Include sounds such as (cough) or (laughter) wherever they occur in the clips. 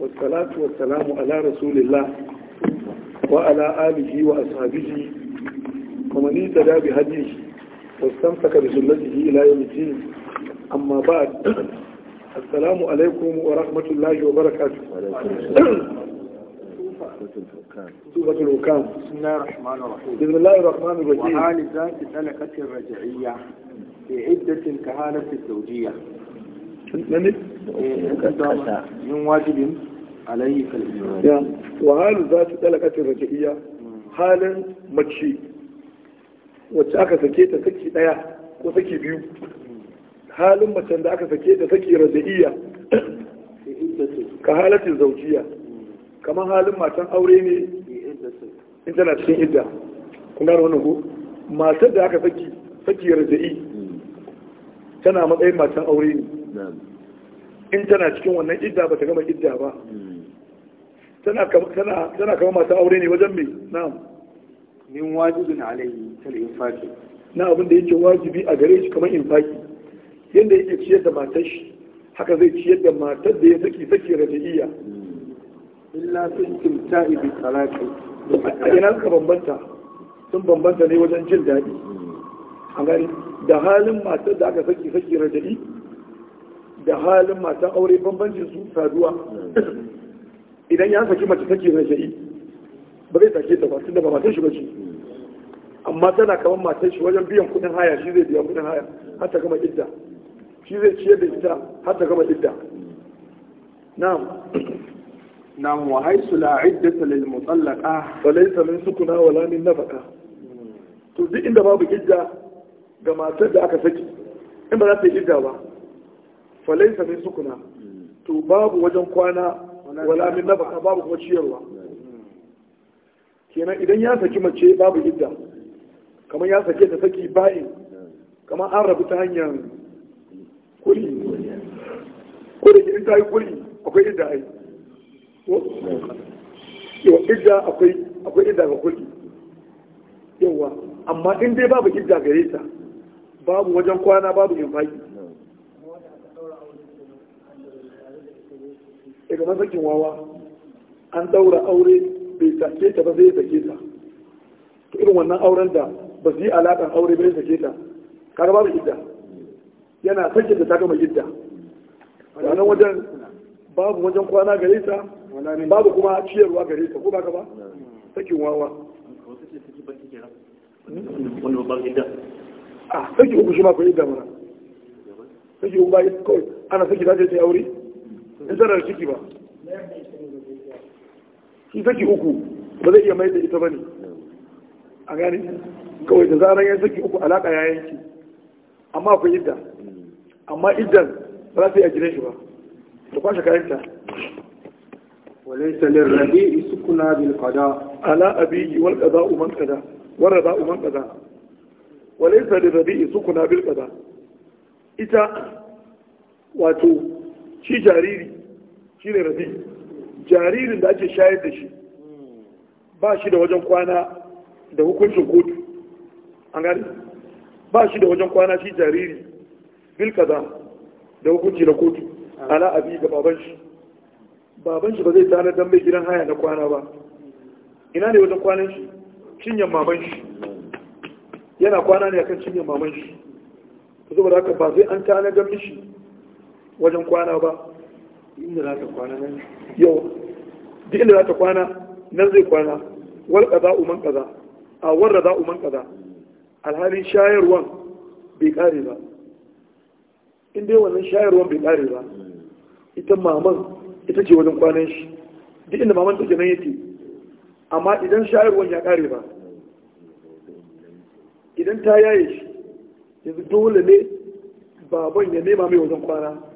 والصلاة والسلام على رسول الله وعلى آله وأصحابه ومن اهتدى بهديه واستمسك بسنته إلى يوم الدين أما بعد السلام عليكم ورحمة الله وبركاته سورة الوكام بسم الله الرحمن الرحيم بسم الله الرحمن الرحيم وحال ذات سلكة الرجعية في عدة كهانة الزوجية نعم من واجب عليه كالإجماع وحال ذات wacce aka sake ta saki daya ko saki biyu halin macen da aka sake ta saki iya ka halatin zaujiya kamar halin matan aure ne in tana cikin idda kun gano wani ko matar da aka saki saki raja'i tana matsayin matan aure ne in tana cikin wannan idda ba ta gama idda ba tana kama masu aure ne wajen mai na'am min wajibin alayhi tal infaki na abin da yake wajibi a gare shi kamar infaki yadda yake ciyar da matar shi haka zai ciyar da matar da ya saki saki raja'iyya illa sun kimta ibi talaqi a ina suka bambanta sun bambanta ne wajen jin daɗi hmm. a da halin matar da aka saki saki raja'i da halin matan aure bambancin su saduwa idan ya saki mace take rashayi ba zai sake ta ba tunda ba matan shi ba ce amma tana kaman matan shi wajen biyan kudin haya shi zai biya kudin haya har ta gama idda shi zai ciyar da ita har ta gama idda na'am na'am wa haisu la iddata lil mutallaqa wa laysa min sukuna wala min nafaqa to duk inda babu idda ga matar da aka saki in ba za ta yi idda ba falaisa min sukuna to babu wajen kwana wala min nafaka babu kuma ciyarwa kenan idan ya saki mace babu idda kamar ya sake ta saki bayin kamar an rabu ta hanyar kuli ko da in ta yi kuli akwai idda ai yawa idda akwai akwai idda ga kuli yawa amma in dai babu idda gare ta babu wajen kwana babu yin infaki daga masakin wawa an daura aure bai sake ta ba zai sake ta to irin wannan auren da ba su yi alaƙar aure bai sake ta kaga babu idda yana sake ta ta gama idda ranar wajen babu wajen kwana gare ta babu kuma ciyarwa gare ta ko ba ka ba sakin wawa a ah, saki uku shi ma ko idda mana saki uku ba kawai ana saki za ta yi aure da zarar ciki ba shi saki uku ba zai iya mai da ita ba ne a gani kawai da zarar ya saki uku alaƙa ya yanki amma akwai idda amma iddan ba za su yi a gine shi ba da kwashe kayan ta walaisalin rabi isu kuna bilkada ala abi wal kada uman kada warra ba uman kada walaisalin rabi isu kuna bilkada ita wato shi jariri ne rabi jaririn da ake shayar da shi ba shi da wajen kwana da hukuncin kotu an gani ba shi da wajen kwana shi jariri bil da hukunci na kotu ala abi ga baban shi baban shi ba zai tana dan mai gidan haya na kwana ba ina ne wajen kwanan shi cinyan maman shi yana kwana ne akan cinyan maman shi da haka ba zai an tana dan mishi wajen kwana ba inda za ta kwana nan yau duk inda za ta kwana nan zai kwana wal ƙaza uman kaza a warra za uman kaza alhalin shayarwan bai kare ba in dai wannan shayarwan bai kare ba ita maman ita ce wajen kwanan shi duk inda maman take nan yake amma idan shayarwan ya kare ba idan ta yaye shi yanzu dole ne baban ya nema mai wajen kwana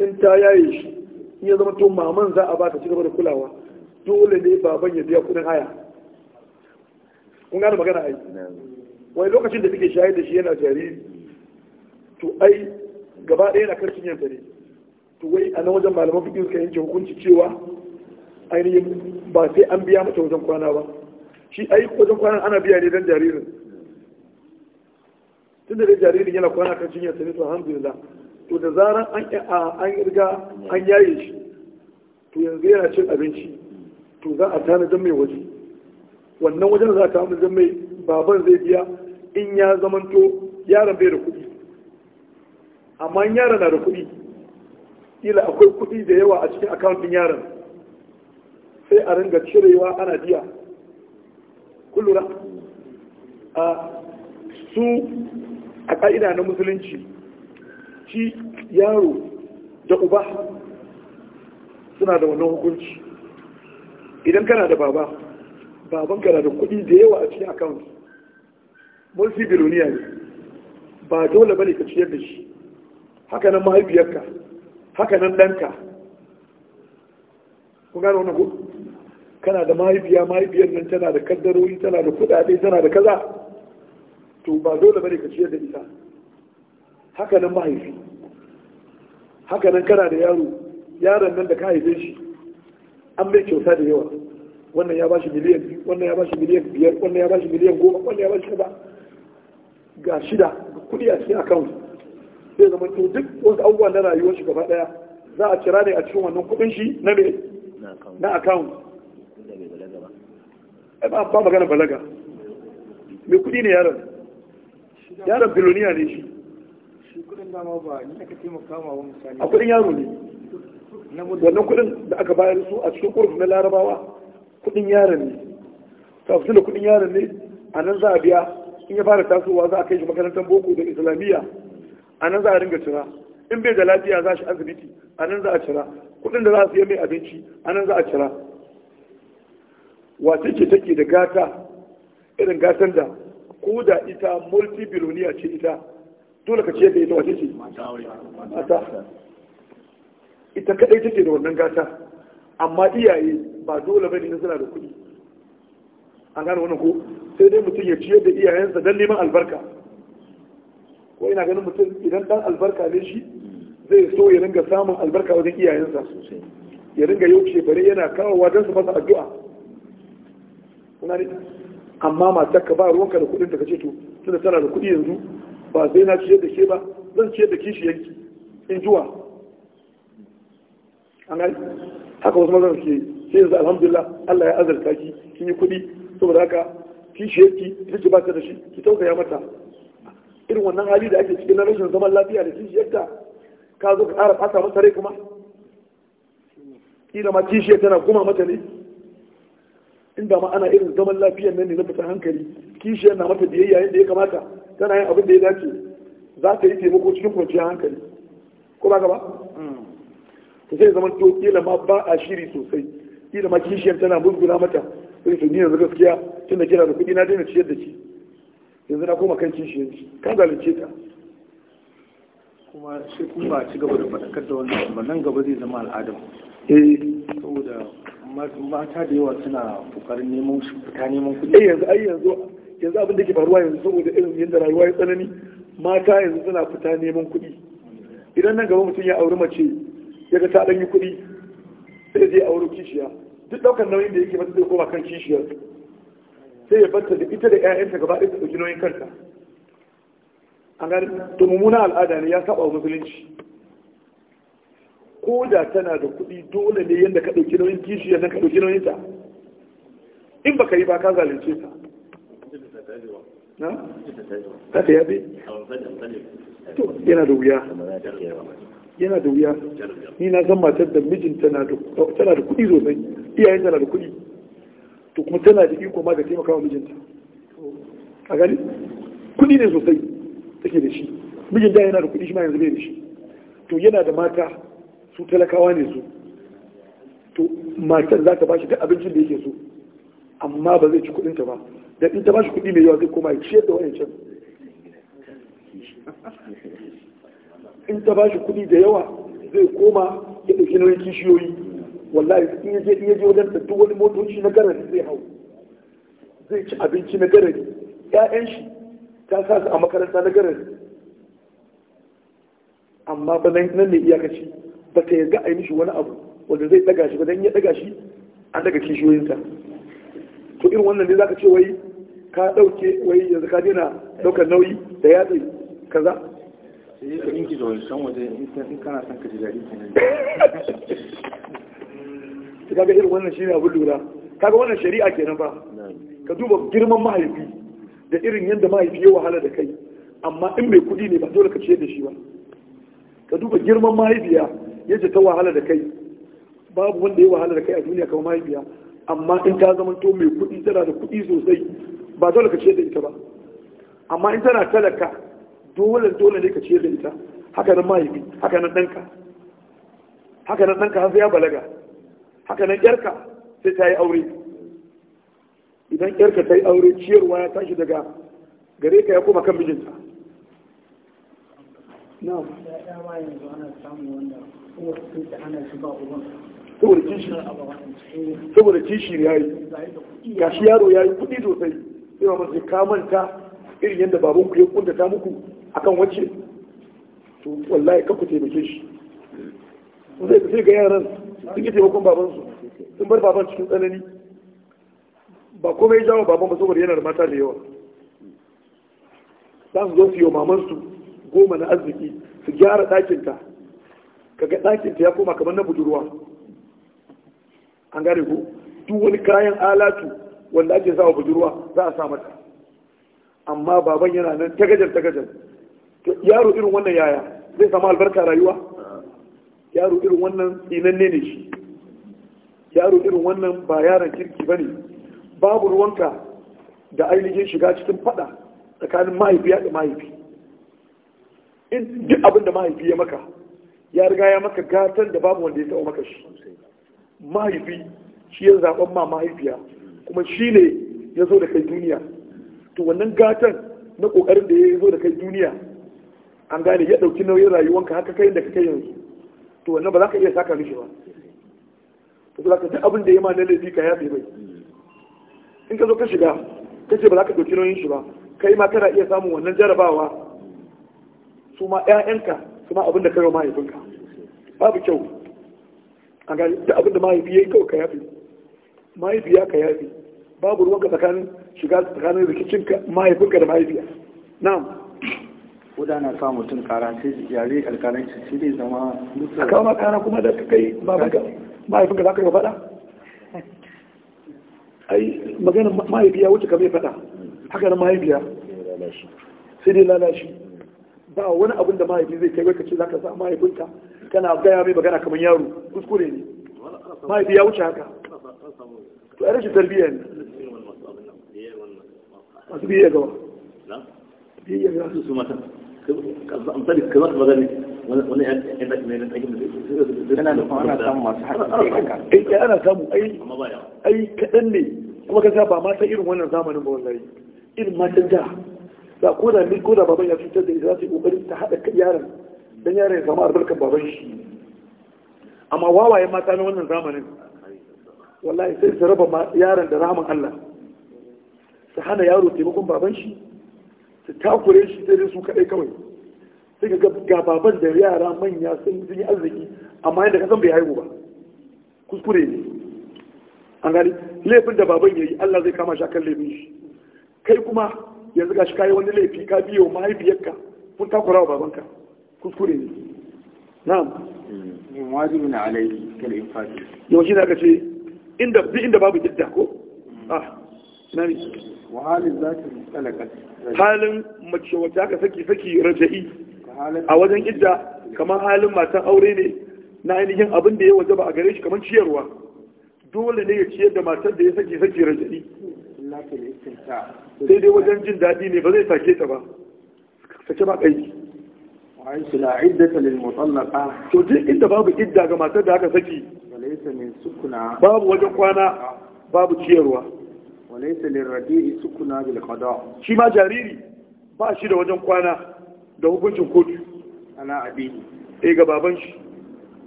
in ta yaye shi in ya zama to maman za a ba ta cigaba da kulawa dole ne baban ya biya kudin haya kun gane magana ai wai lokacin da take shayar da shi yana jariri to ai gaba ɗaya na karshen yanta ne to wai a nan wajen malaman fiƙi suka yanke hukunci cewa ainihin ba sai an biya mata wajen kwana ba shi ai wajen kwana ana biya ne don jaririn tun da jaririn yana kwana kan cinyarsa ne to alhamdulillah to da zarar an riga an yaye shi to yanzu yana cin abinci to za a don mai waje wannan wajen za a tanadan mai baban zai biya in ya zamanto yaran bai da kuɗi amma yaron na da kuɗi ila akwai kuɗi da yawa a cikin akawuntin yaran sai a ringa cirewa ana biya kullura a su a ƙa'ida na musulunci shi yaro da uba suna da wannan hukunci idan kana da baba baban kana da kuɗi da yawa a cikin account multi biloniya ne ba dole bane ka ciyar da shi haka nan mahaifiyarka haka nan danka kun gano wannan hukunci kana da mahaifiya mahaifiyar nan tana da kaddarori tana da kudade tana da kaza to ba dole bane ka ciyar da ita haka nan mahaifi haka nan kana da yaro yaron nan da ka haife shi an bai kyauta da yawa wannan ya bashi miliyan biyu wannan ya bashi miliyan biyar wannan ya bashi miliyan goma wannan ya bashi kaza ga shida ga kudi a cikin account sai zama to duk wasu abubuwa na rayuwar shi gaba daya za a kira ne a cikin wannan kudin shi na me na account ai ba ba magana balaga me kudi ne yaron yaron biloniya ne shi kudin dama ba ni aka taimaka ma wani misali a kudin yaro ne wannan kudin da aka bayar su a cikin kurkun na larabawa kudin yaron ne ta fi da kudin yaron ne a nan za a biya in ya fara tasowa za a kai shi makarantar boko da islamiyya a nan za a ringa cira in bai da lafiya za shi asibiti a nan za a cira kudin da za a siya mai abinci a nan za a cira wace ce take da gata irin gatan da ko da ita multi biloniya ce ita dole ka ciyar da ita wace ce mata ita kadai take da wannan gata amma iyaye ba dole bane na suna da kuɗi an gane wannan ko sai dai mutum ya ciyar da iyayensa don neman albarka ko ina ganin mutum idan dan albarka ne shi zai so ya ringa samun albarka wajen iyayensa ya ringa yau bare yana kawowa don su masa addu'a amma matar ka ba ruwanka da kuɗin ka ce to tunda tana da kuɗi yanzu ba zai na ciye da ke ba zan ciye da yanki in juwa an gani haka wasu mazan ke sai yanzu alhamdulillah Allah ya azarta ki kin yi kuɗi saboda haka kishiyarki ita ce ta da shi ki tausaya mata irin wannan hali da ake cikin na rashin zaman lafiya da yanka ka zo ka ƙara fasa masa rai kuma kila ma yanka tana kuma mata ne inda ma ana irin zaman lafiyan nan ne na fita hankali kishiyar na mata biyayya yadda ya kamata tana yin abin da ya dace za ta yi taimako cikin kwanciyar hankali ko ba gaba hmm. Ta sai zaman to kila ma ba a shiri sosai kila ma kishiyar tana musguna mata sai su ni yanzu gaskiya tun da kira da kuɗi na daina ciyar da shi yanzu na koma kan kishiyar shi kan zalunce ta kuma sai kun ba ci gaba da faɗakar da wannan ba nan gaba zai zama al'adar eh saboda mata da yawa suna kokarin neman fita neman kuɗi eh yanzu ai yanzu yanzu abin da ke faruwa yanzu saboda irin yadda rayuwa ya tsanani mata yanzu suna fita neman kuɗi idan nan gaba mutum ya auri mace ya ga ta ɗan yi kuɗi sai zai auri kishiya duk ɗaukar nauyin da yake masu zai koma kan kishiyar sai ya banta da ita da 'ya'yanta gaba ɗaya su ɗauki nauyin kanta an gani to mummuna al'ada ne ya saba wa musulunci ko da tana da kuɗi dole ne yadda ka ɗauki nauyin kishiyar nan ka ɗauki nauyin ta in baka yi ba ka zalunce ta za ta yabe yana da wuya yana da wuya ni na san matar da mijinta tana da kuɗi sosai iyayen tana da kuɗi to kuma tana da iko ma da taimaka wa mijinta a gani kuɗi ne sosai take da shi mijinta yana da kuɗi shi ma yanzu bai da shi to yana da mata su talakawa ne su to matar za ta ba shi duk abincin da yake so amma ba zai ci kuɗinta ba da in ta ba shi kuɗi mai yawa zai koma ya ciyar da wayancan in ta ba shi kuɗi da yawa zai koma ya ɗauki nauyin kishiyoyi wallahi in ya je in ya je wajen da duk wani motoci na garari zai hau zai ci abinci na garari ƴaƴan shi ta sa su a makaranta na garari amma ba nan ne iyakaci ba ta yarda a yi mishi wani abu wanda zai ɗaga shi ba dan ya ɗaga shi an daga kishiyoyinsa to irin wannan ne zaka ce wai ka dauke wai yanzu ka dina daukar nauyi da ya tsaye kaza sai ka yanki da wancan waje in kana son ka ji daɗi kenan (laughs) kaga irin wannan shine abin lura ga wannan shari'a kenan fa ka duba girman mahaifi da irin yadda mahaifi ya wahala da kai amma in mai kuɗi ne ba dole ka ciyar da shi ba ka duba girman mahaifiya yadda ta wahala da kai babu wanda ya wahala da kai a duniya kamar mahaifiya amma in ta zama to mai kuɗi tana da kuɗi sosai ba dole ka ciyar da ita ba amma in tana talaka dole dole ne ka ciyar da ita haka nan mahaifi haka nan ɗanka haka nan ɗanka har ya balaga haka nan ƴarka sai ta yi aure idan ƴarka ta yi aure ciyarwa ya tashi daga gare ka ya koma kan mijinta saboda kishi ne ya yi gashi yaro ya yi kuɗi sosai sai masu kamanta irin yadda babanku ya ya ta muku kan wacce to wallahi ka ku taimake shi sai tafi ga yaran sun yi taimakon babansu sun bar baban cikin tsanani ba komai ya jawo baban ba saboda yana da mata da yawa za su zo su yi goma na arziki su gyara ɗakinta ka ga ɗakinta ya koma kamar na budurwa an gane ku duk wani kayan alatu wanda ake sa wa budurwa za a sa mata amma baban yana nan tagajar tagajar yaro irin wannan yaya zai samu albarka rayuwa yaro irin wannan tsinanne ne shi yaro irin wannan ba yaron kirki ba ne babu ruwanka da ainihin shiga cikin fada tsakanin ya da mahaifi in duk abin da mahaifi ya maka ya riga ya maka gatan da babu wanda ya taɓa maka shi mahaifi shi ya zaɓen ma mahaifiya kuma shi ne ya zo da kai duniya to wannan gatan na ƙoƙarin da ya zo da kai duniya an gane ya ɗauki nauyin rayuwanka haka kai da kai yanzu to wannan ba za ka iya saka mishi ba to za ka abin da ya ma na laifi ka yafe bai in ka zo ka shiga ka ce ba za ka dauki nauyin shi ba kai ma kana iya samun wannan jarabawa su ma 'ya'yanka su ma abin da kai wa mahaifinka babu kyau a gani da abin da mahaifi ya yi kawai ka yafe mahaifiya ka yafi babu ruwanka tsakanin shiga tsakanin rikicin mahaifinka da mahaifiya na'am koda na sa mutum kara sai yare alkalanci shi ne zama a kawo makana kuma da ka kai babanka mahaifinka za ka yi faɗa ai magana mahaifiya wuce ka mai faɗa haka na mahaifiya sai dai lalashi ba wani abin da mahaifi zai kai wakaci za ka sa mahaifinka kana gaya mai magana kamar yaro kuskure ne mahaifi ya wuce haka to rashin tarbiyya ne masu biyayya gaba biyayya ga su su mata amsali kamar magani wani yan da mai da yana da kuma ana samu masu haƙƙi ana samu ai kaɗan ne kuma ka ba ma ta irin wannan zamanin ba wallahi irin matan da za ko da mil ko da baban ya cutar da ita za su yi ƙoƙarin a haɗa yaron dan yaron ya samu albarkar baban shi amma wawaye mata na wannan zamanin wallahi sai su raba yaron da rahaman Allah su hana yaro taimakon baban shi su takure shi sai dai su kaɗai kawai sai ga ga baban da yara manya sun yi arziki amma yadda ka san bai haihu ba kuskure ne an gani laifin da baban yayi Allah zai kama shi akan laifin shi kai kuma yanzu gashi kai wani laifi ka biyo mahaifiyarka kun takura wa babanka kuskure ne na'am wajibin alaihi kal infaqi yau shi da ka ce inda bi inda babu idda ko ah nani wa halin zaki talaqat halin mace wacce aka saki saki raja'i a wajen idda kamar halin matan aure ne na ainihin abin da ya waje ba a gare shi kamar ciyarwa dole ne ya ciyar da matar da ya saki saki raja'i sai dai wajen jin daɗi ne ba zai sake ta ba sake ba kai wa'in sila iddata lil mutallaqa to duk inda babu idda ga matar da aka saki Babu wajen kwana, babu ciyarwa. باب تشيروا وليس للرديء ba shi da wajen kwana da hukuncin kotu ana abini eh ga baban shi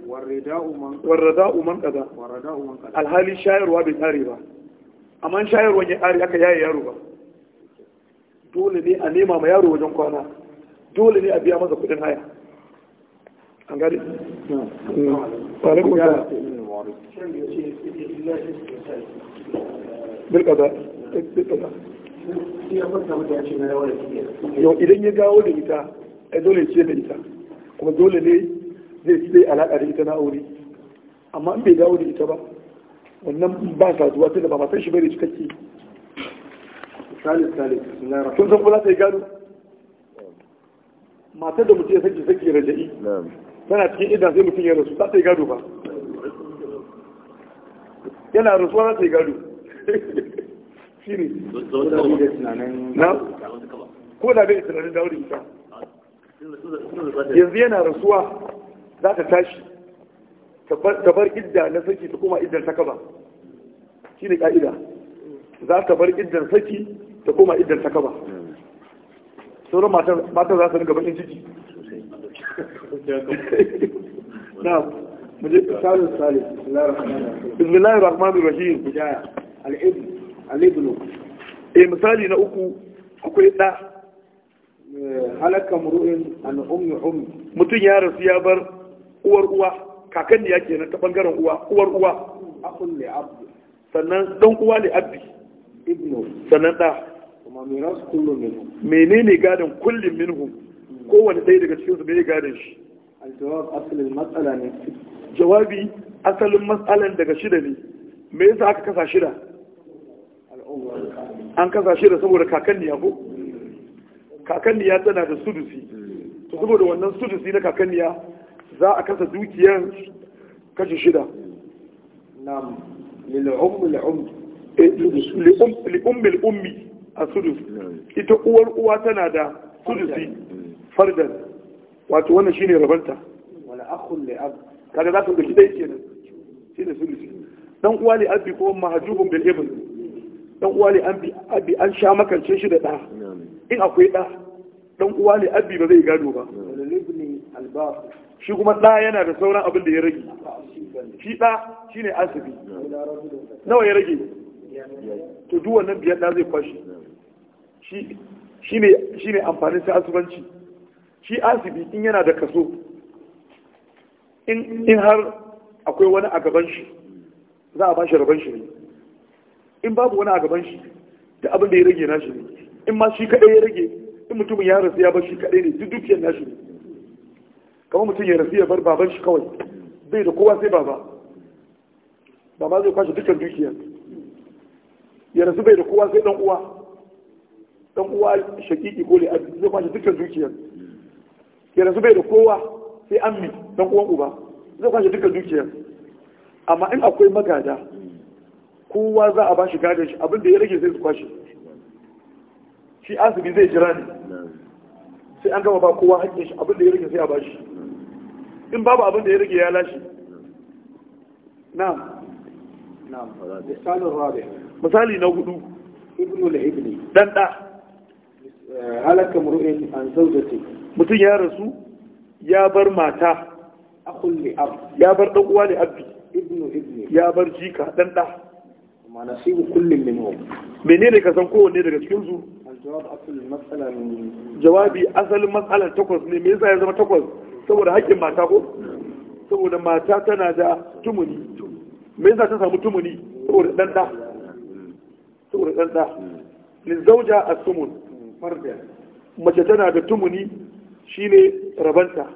warrada uman kaza alhali shayarwa bai tare ba amma shayarwa ya ari aka yaye yaro ba dole ne a nema ma yaro wajen kwana dole ne a biya masa kudin haya an gari وعليكم السلام بالقضاء بالقضاء yau idan ya a da ita ai dole ce da ita kuma dole ne zai fi zai alaƙa da ita na aure amma in bai dawo da ita ba wannan ba ta zuwa tunda ba matan shi bane cikakke kun san kula sai gano matar da mutum ya sake sake raja'i tana cikin idan sai mutum ya rasu za ta yi gado ba yana rasuwa za ta yi gado shi ne ko da bai tunanin da wurin yanzu yana rasuwa za ta tashi ta bar idda na saki ta koma idan ta kaba shi ne ka'ida za ta bar idan saki ta koma idan ta kaba sauran matan za su ringa bakin ciki na'am mu je misalin salis bismillahir rahmanir rahim bidaya al-ibn al-ibn eh misali na uku akwai da halaka muru'in an ummi ummi mutum ya rasu ya bar uwar uwa kakan ya kenan ta bangaren uwa uwar uwa akun li abdi sannan dan uwa li abdi ibnu sannan da kuma miras kullu minhum menene gadan kullin minhum kowane ɗaya daga cikinsu ya gane shi jawabi asalin matsalan daga shida ne me yasa aka kasa shida an kasa shida saboda kakanniya ko kakanniya tana da sudusi to saboda wannan sudusi na kakanniya za a kasa dukiyar kashi shida na'am lilummi lil'um eh, a sudusi. ita uwar uwa tana da sudusi fardan wato wannan shine rabanta wala akhun li ab kaga za ku ga kidai kenan shine sulusi dan uwa li abi ko mahjubun bil ibn dan uwa li abi abi an sha makance shi da da in akwai da dan uwa li abi ba zai gado ba ibn al shi kuma da yana da sauran abin da ya rage shi da shine asibi nawa ya rage to duk wannan biyar da zai kwashi shi ne amfanin sai asibanci. shi asibi in yana da kaso in har akwai wani a gaban shi za a ba shi rabon shi ne in babu wani a gaban shi da abin da ya rage nashi ne in ma shi kaɗai ya rage in mutumin ya rasu ya bar shi kaɗai ne duk dukiyar nashi ne kamar mutum ya rasu ya bar baban shi kawai bai da kowa sai baba baba zai kwashe dukkan dukiyar ya rasu bai da kowa sai dan uwa dan uwa shakiki ko le'adu zai kwashe dukkan dukiyar ya rasu bai da kowa sai an mi don kowa uba zai kwashe duka dukiyar amma in akwai magada kowa za a ba shi gadon shi abinda ya rage sai su kwashe shi asibi zai jira ne sai an gama ba kowa haƙƙin shi abinda ya rage sai a ba shi in babu abinda ya rage ya lashe Na, misalin misali na hudu ibnu al dan da halaka mur'in an zaujati mutum ya rasu ya bar mata akul li ab ya bar dan uwa li abbi ibnu ibni ya bar jika dan da ma nasibu kullin minhum menene ka san kowanne daga cikin su jawabi asalin matsalar takwas ne me yasa ya zama takwas saboda haƙƙin mata ko saboda mata tana da tumuni me yasa ta samu tumuni saboda ɗanɗa da saboda dan da lizauja as-sumun mace tana da tumuni shine rabanta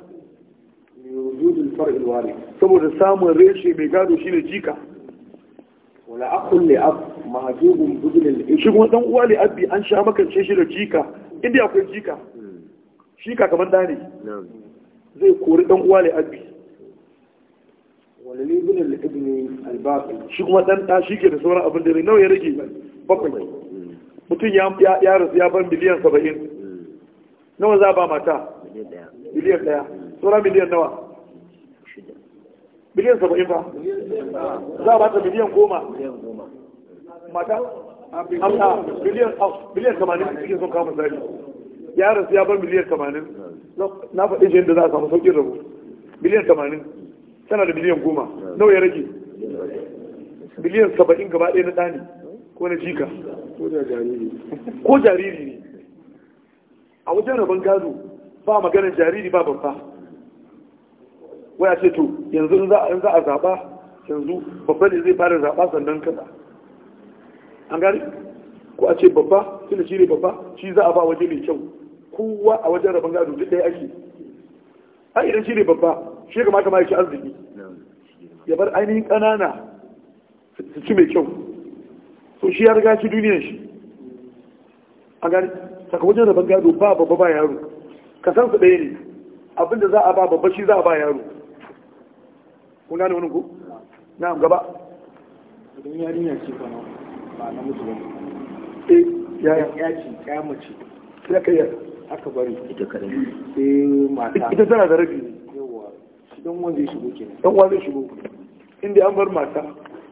saboda samun reshe mai gado shine jika wala akun li ab mahjubun budul shi kuma dan uwa li abbi an sha ce shi da jika inda akwai jika hmm. shi ka kamar da ne zai kori dan uwa li abbi wala li al ibn al baqi shi kuma dan ta shi ke da sauran abin da nawa ya rage bakwai mutum ya rasu ya bar miliyan saba'in hmm. nawa za ba mata miliyan daya tsora hmm. miliyan nawa miliyan saba'in ba za ba ta miliyan goma mata amma miliyan tamanin suke sun kama zari ya rasu ya bar miliyan tamanin hmm. na faɗin shi yadda za a samu sauƙin rabu miliyan tamanin tana da miliyan goma nawa ya rage miliyan saba'in gaba ɗaya na ɗani ko na jika ko jariri ne a wajen rabon gado ba maganin jariri ba babba waya ce to yanzu in za a zaɓa yanzu babba ne zai fara zaɓa sannan kada an gari ko a ce babba tunda shi ne babba shi za a ba waje mai kyau kowa a wajen rabon gado duk ɗaya ake A idan shi ne babba shi ya kamata ma ya arziki ya bar ainihin ƙanana su ci mai kyau to shi ya riga shi duniyar shi a gani sakamakon rabon gado ba babba ba yaro ka su ɗaya ne abinda za a ba babba shi za a ba yaro kun gane wani ku na gaba eh, ya ce ita tana da rabi yawa shi dan shigo kenan inda an bar mata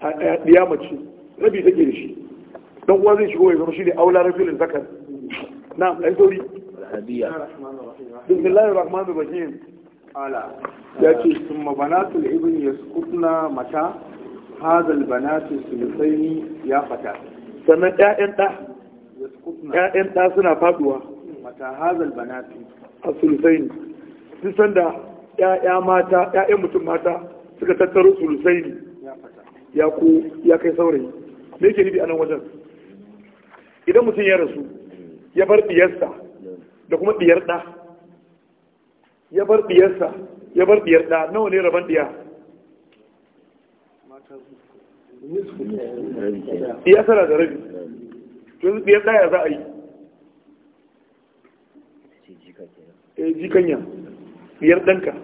a ɗaya mace rabi take da shi dan uwa zai shigo ya zama ne aula rajulin zakar na'am ai sauri bismillahir rahmanir rahim ala ya ce thumma banatul ibn yasqutna mata hadal banatu sulusaini ya fata sannan ƴaƴan ɗa ƴaƴan ɗa suna faduwa mata hazal banatu a sulusaini duk sanda ƴaƴa mata ƴaƴan mutum mata suka tattaro sulusaini ya ku ya kai saurayi me yake nufi a nan wajen idan mutum ya rasu ya bar diyarsa da kuma diyar ɗa ya bar diyarsa ya bar diyar da nawa ne rabon diya diya tana da rabi to yanzu da ya za a yi eh, kanya. diyar ɗanka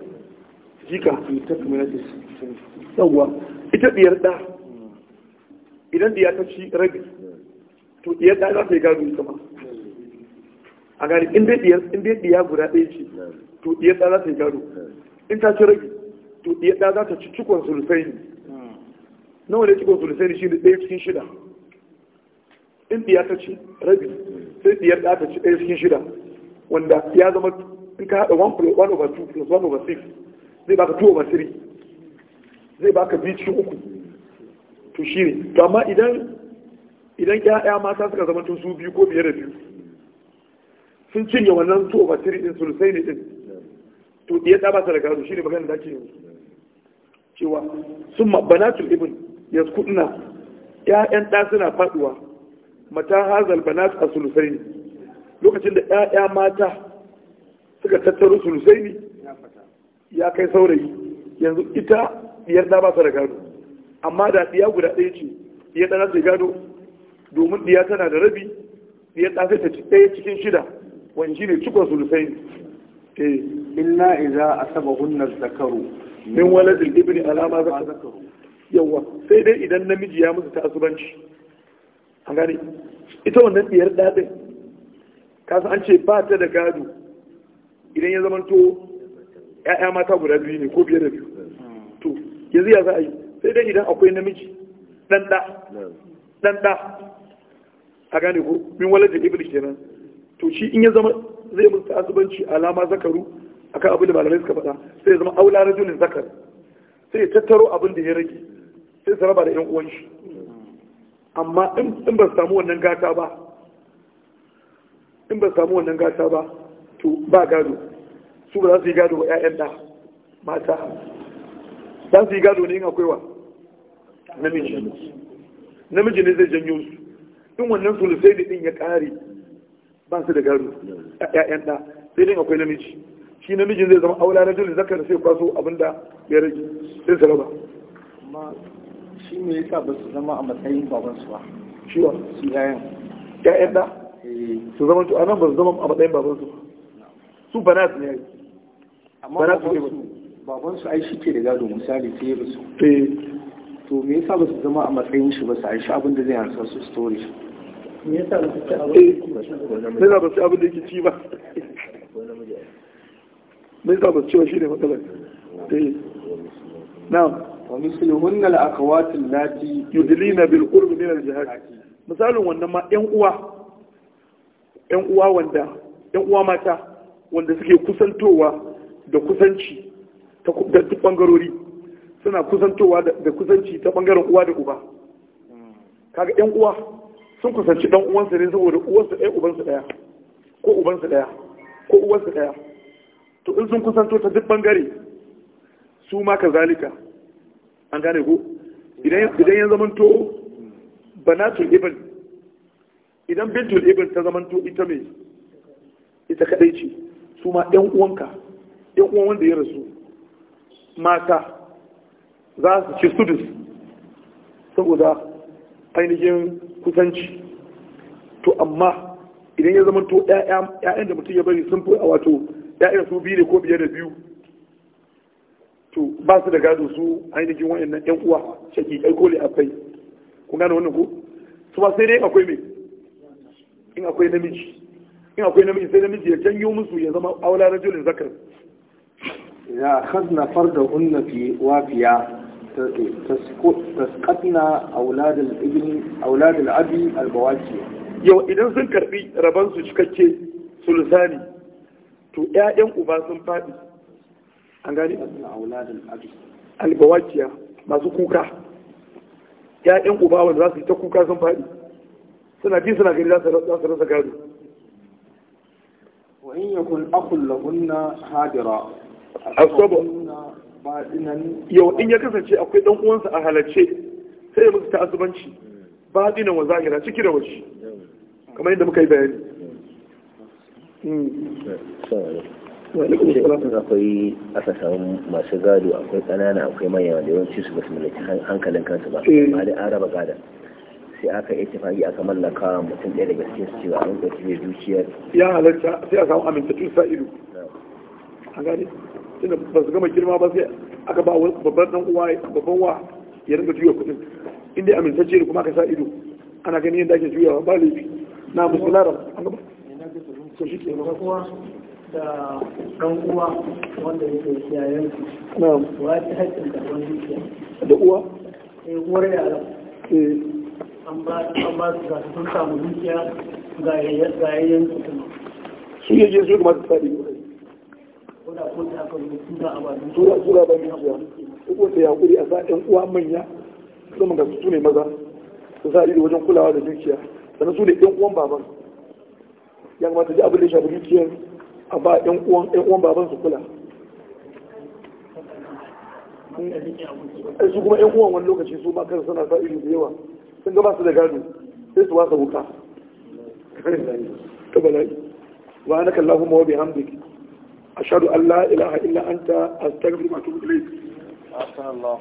jika ita diyar ɗa idan da ya ta ci rabi to diya ta za ta yi gado sama a gani in dai diya guda ɗaya ce to diya ta za ta yi gado in ta ci rabi to diya ta za ta ci cikon sulusai ne nawa ne cikon sulusai ne shi ne ɗaya cikin shida in diya ta ci rabi sai diyar ɗaya ta ci ɗaya cikin shida wanda ya zama in ka haɗa 1 plus 1 over 2 plus 1 over 6 zai baka 2 over 3 zai baka 2 cikin 3 to shi ne to amma idan 'ya'ya mata suka zama tun su biyu ko biyar da biyu sun cinye wannan to ba three din sulusai ne din to ɗiya ta ba ta da shi ne ba da dace yanzu cewa sun banatul ibn ya kudna ya'yan ɗa suna faduwa mata hazal banat a sulusai ne lokacin da 'ya'ya mata suka tattaro sulusai ne ya kai saurayi yanzu ita biyar ta ba ta da gado amma da ɗiya guda ɗaya ce ɗiya ɗana zai gado domin ɗiya tana da rabi ɗiya ɗafe ta ɗaya cikin shida wani shi ne cikin sulusai eh. iza a saba asabahunna zakaru min waladil ibni alama zakaru yawa sai dai idan namiji ya musu ta'asubanci an gane ita wannan ɗiyar ɗaɗin san an ce ba ta da gado idan ya zamanto 'ya'ya mata guda biyu ne ko biyar da biyu hmm. to yanzu ya za a yi sai dai idan akwai namiji dan da dan da a gane ko min wala da iblis kenan to shi in ya zama zai musu azubanci alama zakaru akan abin da malamai suka faɗa sai ya zama aula rajulin zakar sai ya tattaro abin da ya rage sai ya raba da yan uwan shi amma in ba samu wannan gata ba in ba samu wannan gata ba to ba gado su ba za su yi gado wa 'ya'yan da mata za su yi gado ne in akwai wa namiji ne zai janyo su in wannan sulusai da din ya kare ba su da a ƴaƴan ɗa sai din akwai namiji shi namijin zai zama aula na jirgin zakar sai kwaso abinda ya rage sai su raba amma shi me yasa ba su zama a matsayin babansu ba shi wa su ƴaƴan ƴaƴan ɗa eh. su zama a anan ba su zama a matsayin ba, su su ne amma Babansu su baban ai shi ke da gado misali sai ya rasu to me yasa ba su zama a matsayin shi ba su aishi abin da zai harsa su story me yasa ba su ci abin eh, ba su abin da yake ci ba me yasa ba su ci ba shi ne matsalar eh. na'am wa misluhunna al-akhawatu allati yudlina bil na min al jihar. misalin wannan ma yan uwa yan uwa wanda yan uwa mata wanda suke kusantowa da kusanci ta duk bangarori suna kusantowa da kusanci ta bangaren uwa da uba kaga yan uwa sun kusanci dan uwansa ne saboda uwarsa ɗaya ubansa ɗaya ko ubansa ɗaya ko uwarsa ɗaya to in sun kusanto ta duk bangare su ma ka zalika an gane ko idan ya zamanto banatul ibn idan bintul ibn ta zamanto ita mai ita kadai ce su ma ɗan uwanka ɗan uwan wanda ya rasu mata za su ci sudus saboda ainihin kusanci to amma idan ya zama to ‘ya'yan da mutum ya bari sun fi a wato ‘ya'yan su biyu ne ko biyar da biyu to ba su da gado su ainihin wayannan ‘yan uwa shakikai ko akwai. kun gane wannan ko su ba sai dai akwai mai in akwai namiji in akwai namiji sai namiji ya janyo musu ya zama aula rajulin zakar ya khazna farda fi wafiya taskatna auladul ibni auladul abi albawaki yau idan sun karbi raban su cikakke sulzani to 'ya'yan uba sun faɗi an gani albawakiya masu kuka 'ya'yan uba wanda za su yi ta kuka sun faɗi suna fi suna gani za su rasa gado wa in yakun akul lahunna a sabon. yau in ya kasance akwai dan uwansa a halarce sai ya musu ta'assubanci batinan wa zahira ciki da waje kamar yadda muka yi bayani hmm. Wani akwai aka samu masu gado akwai kanana akwai manya wanda yawanci su basu mallaki hankalin kansu ba eh. amma da an raba gada sai aka yi tafaki aka mallaka mutum ɗaya daga cikin su cewa an ɗauki mai dukiyar. ya halarta sai a samu amintattun sa ido gane tunda ba su gama girma ba sai aka ba wani babban dan uwa babban wa ya rinka juya kudin inda amintacce da kuma aka sa ido ana ganin yadda ake juyawa ba laifi na musulara an gaba to shi ke kuma da dan uwa wanda yake yayan na wa ta haƙƙin da wani da uwa eh uwar yaran eh an ba an ba su ga sun samu dukiya ga yayan su su yaje su kuma su faɗi tura tura ba ne jiya uku da yakuri a sa yan uwa manya kuma ga su ne maza su sa ido wajen kulawa da dukiya sannan su ne yan uwan baban ya kamata ji abin da shafi dukiyar a ba yan uwan yan uwan baban su kula su kuma yan uwan wani lokaci su ma kansu suna sa ido da yawa sun ga ba su da gado sai su wasa wuka ta bala'i wa anaka allahumma wa bihamdika ashadu allah ila ilaha illa anta astaghfiruka wa atubu